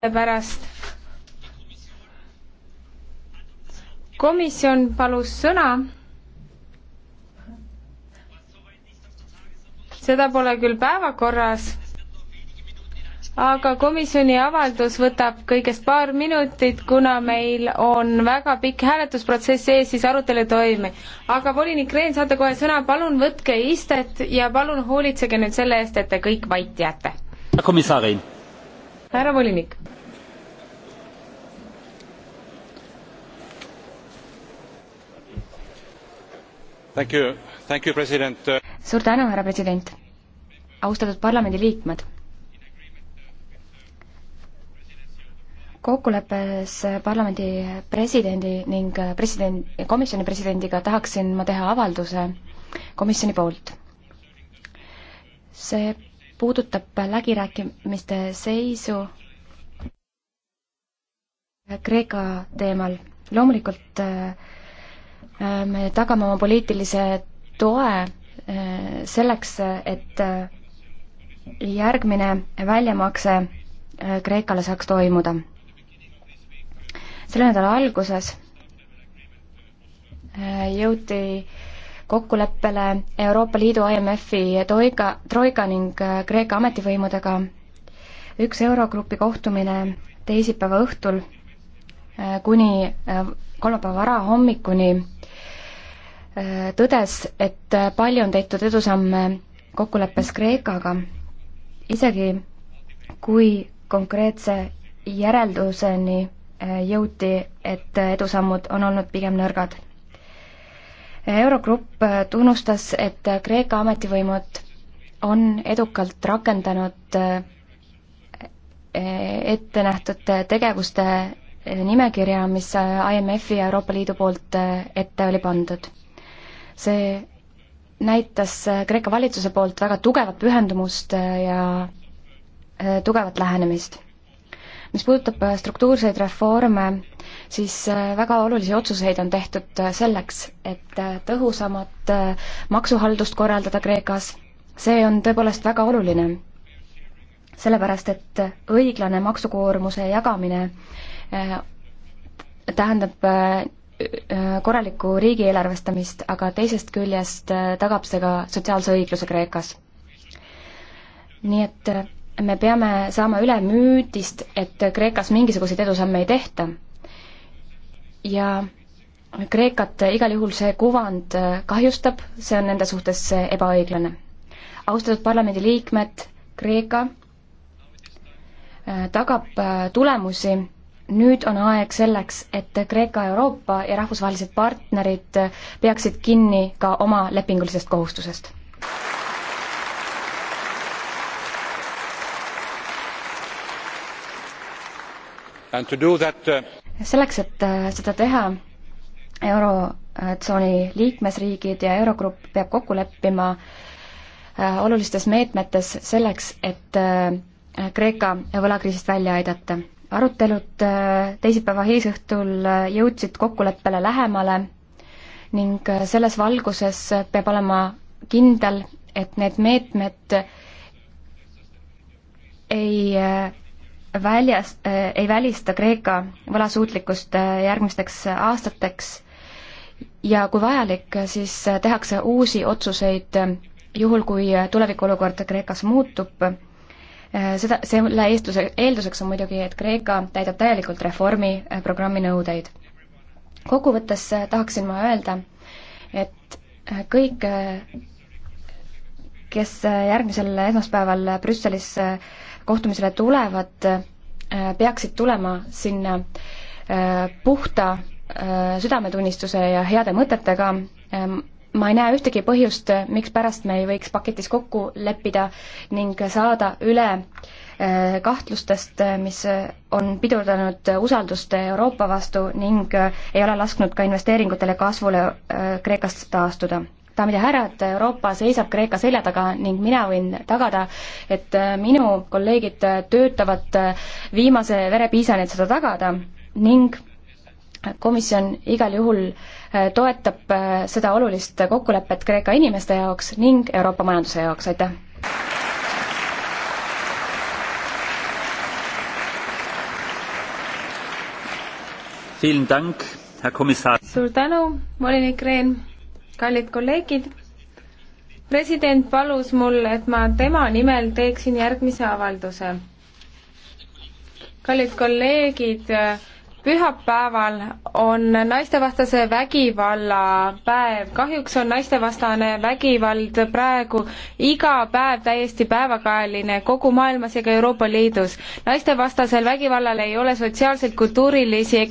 pärast. komisjon palus sõna. seda pole küll päevakorras, aga komisjoni avaldus võtab kõigest paar minutit, kuna meil on väga pikk hääletusprotsess ees, siis arutelu ei toimi. aga volinik Rehn, saate kohe sõna, palun võtke istet ja palun hoolitsege nüüd selle eest, et te kõik vait jääte. komissarin härra volinik. suur tänu, härra president. austatud parlamendiliikmed. kokkuleppes parlamendi presidendi ning president, komisjoni presidendiga tahaksin ma teha avalduse komisjoni poolt. see puudutab läbirääkimiste seisu Kreeka teemal. loomulikult äh, me tagame oma poliitilise toe äh, selleks, et äh, järgmine väljamakse Kreekale saaks toimuda. selle nädala alguses jõuti kokkuleppele Euroopa Liidu IMF-i toiga, troika ning äh, Kreeka ametivõimudega. üks Eurogrupi kohtumine teisipäeva õhtul äh, kuni äh, kolmapäeva varahommikuni tõdes, et palju on tehtud edusamme kokkuleppes Kreekaga, isegi kui konkreetse järelduseni jõuti, et edusammud on olnud pigem nõrgad Eurogrupp tunnustas, et Kreeka ametivõimud on edukalt rakendanud eh, ette nähtud tegevuste nimekirja, mis IMF-i ja Euroopa Liidu poolt eh, ette oli pandud. see näitas Kreeka valitsuse poolt väga tugevat pühendumust eh, ja tugevat lähenemist. mis puudutab struktuurseid reforme, siis äh, väga olulisi otsuseid on tehtud äh, selleks, et äh, tõhusamat maksuhaldust korraldada Kreekas. see on tõepoolest väga oluline, sellepärast et õiglane maksukoormuse jagamine tähendab korralikku riigi eelarvestamist, aga teisest küljest tagab see ka sotsiaalse õigluse Kreekas. nii et me peame saama üle müüdist, et Kreekas mingisuguseid edusamme ei tehta ja Kreekat igal juhul see kuvand äh, kahjustab, see on nende suhtes äh, ebaõiglane. austatud parlamendiliikmed, Kreeka äh, tagab tulemusi, nüüd on aeg selleks, et Kreeka, Euroopa ja rahvusvahelised partnerid peaksid kinni ka oma lepingulisest kohustusest. That... Uh, selleks, et äh, seda teha, eurotsooni äh, liikmesriigid ja Eurogrupp peab kokku leppima äh, olulistes meetmetes selleks, et Kreeka võlakriisist välja aidata. arutelud teisipäeva hilisõhtul jõudsid kokkuleppele lähemale ning selles valguses peab olema kindel, et need meetmed ei väljas äh,, ei välista Kreeka võlasuutlikkust äh, järgmisteks aastateks ja kui vajalik, äh, siis äh, tehakse uusi otsuseid äh, juhul, kui äh, tulevikuolukord Kreekas muutub äh,. seda, selle eestluse, eelduseks on muidugi, et Kreeka täidab täielikult reformi äh, programmi nõudeid. kokkuvõttes äh, tahaksin ma öelda, et äh, kõik äh, kes äh, järgmisel esmaspäeval Brüsselis äh, kohtumisele tulevad, äh, peaksid tulema sinna äh, puhta äh, südametunnistuse ja heade mõtetega, ähm, ma ei näe ühtegi põhjust, mikspärast me ei võiks paketis kokku leppida ning saada üle kahtlustest, mis on pidurdanud usaldust Euroopa vastu ning ei ole lasknud ka investeeringutele kasvule Kreekast taastuda daamid ja härrad, Euroopa seisab Kreeka selja taga ning mina võin tagada, et äh, minu kolleegid äh, töötavad äh, viimase verepiisani, et seda tagada ning komisjon igal juhul toetab seda olulist kokkulepet Kreeka inimeste jaoks ning Euroopa majanduse jaoks, aitäh! suur tänu, volinik Rehn! kallid kolleegid, president palus mul, et ma tema nimel teeksin järgmise avalduse. kallid kolleegid, pühapäeval on naistevastase vägivalla päev, kahjuks on naistevastane vägivald praegu iga päev täiesti päevakajaline kogu maailmas ja ka Euroopa Liidus. naistevastasel vägivallal ei ole sotsiaalseid, kultuurilisi ega